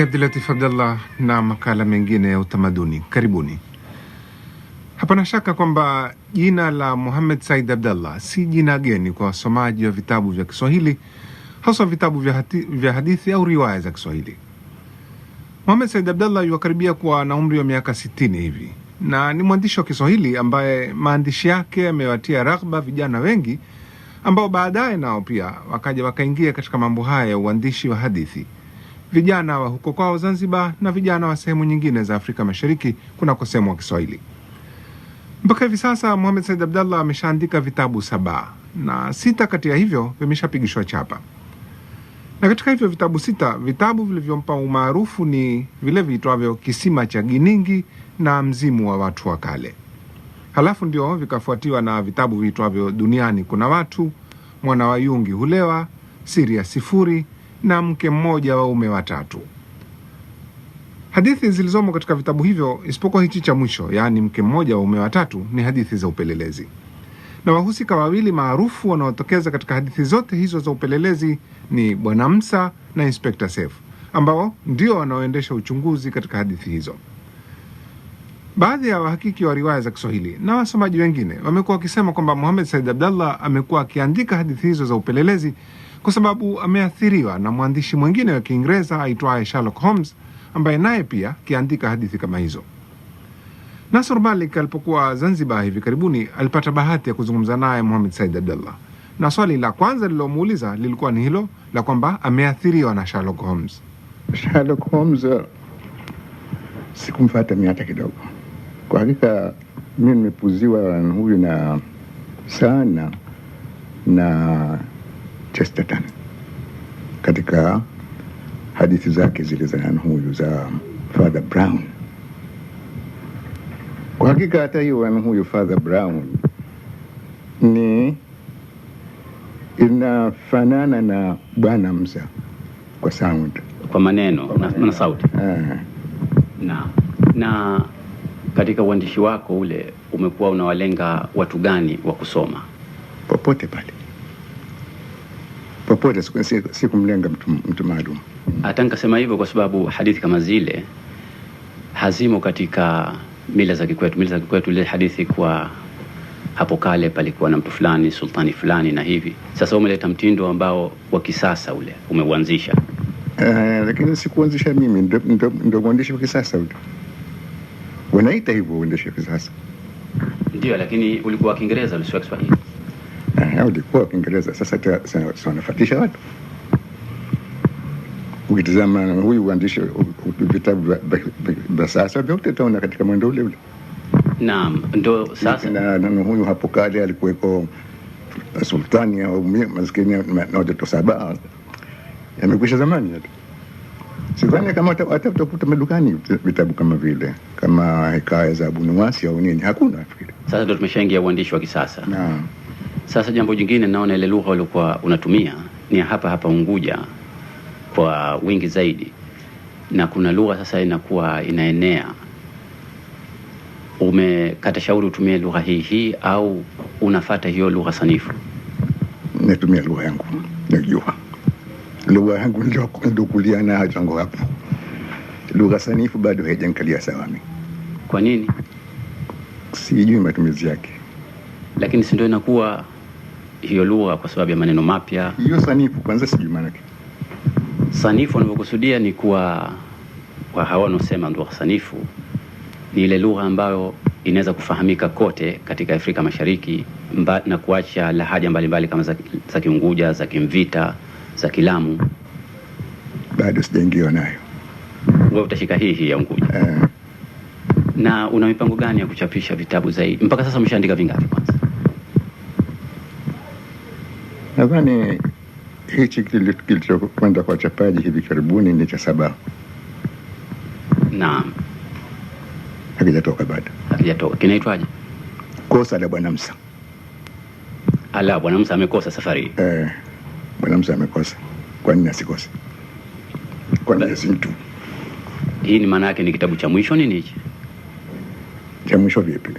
ni Abdulatif Abdallah na makala mengine ya utamaduni. Karibuni. Hapana shaka kwamba jina la Muhammad Said Abdallah si jina geni kwa wasomaji wa vitabu vya Kiswahili, haswa vitabu vya, hati, vya hadithi au riwaya za Kiswahili. Muhammad Said Abdallah yuwakaribia kuwa na umri wa miaka sitini hivi na ni mwandishi wa Kiswahili ambaye maandishi yake yamewatia raghba vijana wengi ambao baadaye nao pia wakaja wakaingia katika mambo haya ya uandishi wa hadithi vijana wa huko kwao Zanzibar na vijana wa sehemu nyingine za Afrika Mashariki kunakosemwa Kiswahili. Mpaka hivi sasa Muhamed Said Abdallah ameshaandika vitabu saba na sita kati ya hivyo vimeshapigishwa chapa, na katika hivyo vitabu sita, vitabu vilivyompa umaarufu ni vile viitwavyo Kisima cha Giningi na Mzimu wa Watu wa Kale. Halafu ndio vikafuatiwa na vitabu viitwavyo Duniani Kuna Watu, Mwana wa Yungi Hulewa, Siri ya Sifuri na mke mmoja waume watatu. Hadithi zilizomo katika vitabu hivyo isipokuwa hichi cha mwisho, yaani mke mmoja waume watatu, ni hadithi za upelelezi, na wahusika wawili maarufu wanaotokeza katika hadithi zote hizo za upelelezi ni Bwana Msa na Inspekta Sefu ambao ndio wanaoendesha uchunguzi katika hadithi hizo. Baadhi ya wahakiki wa riwaya za Kiswahili na wasomaji wengine wamekuwa wakisema kwamba Muhammad Said Abdallah amekuwa akiandika hadithi hizo za upelelezi kwa sababu ameathiriwa na mwandishi mwingine wa Kiingereza aitwaye Sherlock Holmes ambaye naye pia akiandika hadithi kama hizo. Nasr Malik alipokuwa Zanzibar hivi karibuni alipata bahati ya kuzungumza naye Muhammad Said Abdallah, na swali la kwanza lilomuuliza lilikuwa ni hilo la kwamba ameathiriwa na Sherlock Holmes. Sherlock Holmes eh, sikumfuata mimi hata kidogo. Kwa hakika mimi nimepuziwa huyu na sana na Chesterton katika hadithi zake zile za huyu za Father Brown. Kwa hakika hata hiyo huyu Father Brown ni inafanana na Bwana Mza kwa sound, kwa maneno na, na sauti eh. na na katika uandishi wako ule umekuwa unawalenga watu gani wa kusoma? Popote pale, popote, sikumlenga si, si mtu, mtu maalum. Hata nikasema hivyo kwa sababu hadithi kama zile hazimo katika mila za kikwetu. Mila za kikwetu ile hadithi kwa hapo kale palikuwa na mtu fulani sultani fulani na hivi. Sasa umeleta mtindo ambao wa kisasa ule umeuanzisha. Uh, lakini sikuanzisha mimi, ndo mwandishi wa kisasa ule. Unaita hivyo uendeshe kisasa? Ndio, lakini ulikuwa Kiingereza, ulisiwa Kiswahili. Eh, ulikuwa Kiingereza. Sasa wanafatisha watu. Ukitizama huyu uandishi vitabu vya sasa vyote utaona katika mwendo ule ule. Naam, ndo sasa na, ah, na huyu hapo kale alikuweko sultani au maskini na watoto saba yamekwisha zamani tu. Sidhani kama hata utakuta madukani vitabu kama vile kama hekaya za Abu Nuwasi au nini, hakuna nafikiri. Sasa ndio tumeshaingia uandishi wa kisasa na. Sasa jambo jingine naona ile lugha uliokuwa unatumia ni hapa hapa Unguja kwa wingi zaidi, na kuna lugha sasa inakuwa inaenea. Umekata shauri utumie lugha hii hii au unafata hiyo lugha sanifu? Natumia lugha yangu najua lugha yangu ndokulia nayo tangu hapo, lugha sanifu bado haijankalia sawa Kwa nini sijui matumizi yake, lakini si ndio inakuwa hiyo lugha kwa sababu ya maneno mapya. Hiyo sanifu kwanza sijui maana yake. Sanifu wanavyokusudia ni kuwa kwa hawa wanaosema ndio sanifu, ni ile lugha ambayo inaweza kufahamika kote katika Afrika Mashariki mba, na kuacha lahaja mbalimbali kama za, za Kiunguja za Kimvita za Kilamu bado sijaingiwa nayo. Wewe utashika hii hii ya Unguja eh. Na una mipango gani ya kuchapisha vitabu zaidi? Mpaka sasa umeshaandika vingapi? Kwanza nadhani hichi kilichokwenda kwa chapaji hivi karibuni ni cha saba. Naam, hakijatoka bado, hakijatoka. Kinaitwaje? Kosa la Bwana Msa. Ala, Bwana Msa amekosa safari eh mwanamsa amekosa, kwa nini asikose? Kwa nini asimtu? Hii ni maana yake ni kitabu cha mwisho nini hichi? Cha mwisho vipi?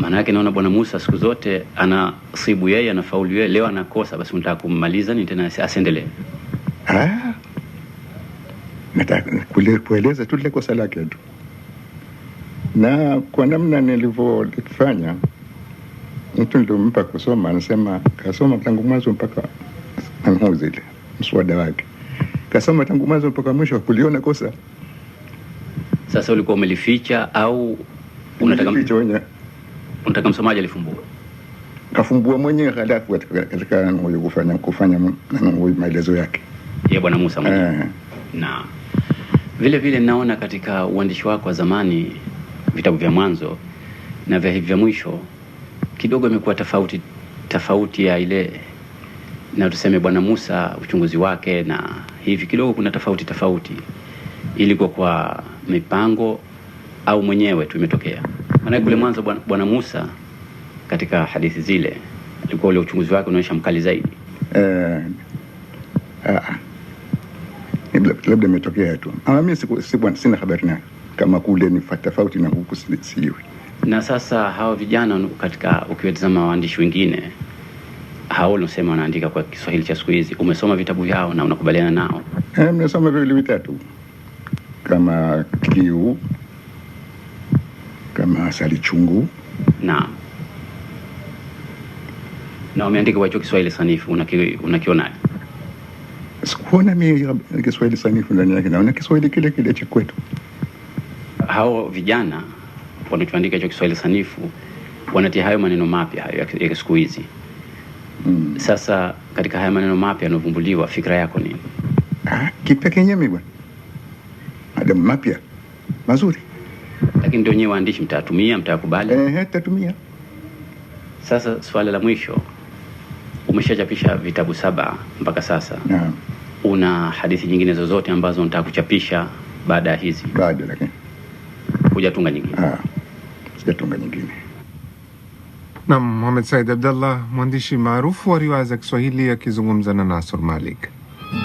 maana yake naona Bwana Musa siku zote anasibu yeye, anafaulu yeye, leo anakosa, basi unataka kummaliza ni tena asiendelee? Nataka kueleza tu lile kosa lake tu na kwa namna nilivyolifanya, mtu nilimpa kusoma, anasema kasoma tangu mwanzo mpaka zile mswada wake kasoma tangu mwanzo mpaka mwisho, kuliona kosa. Sasa ulikuwa umelificha au unataka mficho wenyewe? Unataka msomaji alifumbua, kafumbua mwenyewe halafu katika katika ngoyo kufanya kufanya maelezo yake ya bwana Musa mwenyewe. Eh. Na vile vile naona katika uandishi wako wa zamani, vitabu vya mwanzo na vya hivi vya mwisho, kidogo imekuwa tofauti tofauti ya ile na tuseme Bwana Musa uchunguzi wake na hivi kidogo kuna tofauti tofauti, ilikuwa kwa mipango au mwenyewe tu imetokea. Maana kule mwanzo Bwana Musa katika hadithi zile alikuwa ule uchunguzi wake unaonyesha mkali zaidi. Eh, ah, ah. labda imetokea tu, ah, mimi sina habari nayo kama kule ni tofauti na huku sijui. Na sasa hawa vijana katika, ukiwatazama waandishi wengine hao unaosema wanaandika kwa Kiswahili cha siku hizi, umesoma vitabu vyao na unakubaliana nao? Eh, nimesoma viwili vitatu, kama Kiu, kama Asali Chungu. Naam. Na umeandika kwa Kiswahili sanifu, unakionaje? Sikuona mimi Kiswahili sanifu ndani yake, naona Kiswahili kile kile cha kwetu. Hao vijana wanachoandika hicho Kiswahili sanifu wanatia hayo maneno mapya hayo ya siku hizi Mm. Sasa katika haya maneno mapya yanovumbuliwa, fikra yako nini? Ah, kipeke nyemi bwana, madamu mapya mazuri, lakini ndio nyewe waandishi mtatumia mtakubali? Eh, tatumia. Sasa swali la mwisho, umeshachapisha vitabu saba mpaka sasa. Naam. Una hadithi nyingine zozote ambazo unataka kuchapisha baada ya hizi? Bado lakini hujatunga nyingine? Ah, sijatunga nyingine. Naam, Mohamed Said Abdallah, mwandishi maarufu wa riwaya za Kiswahili akizungumza na Nasor Malik.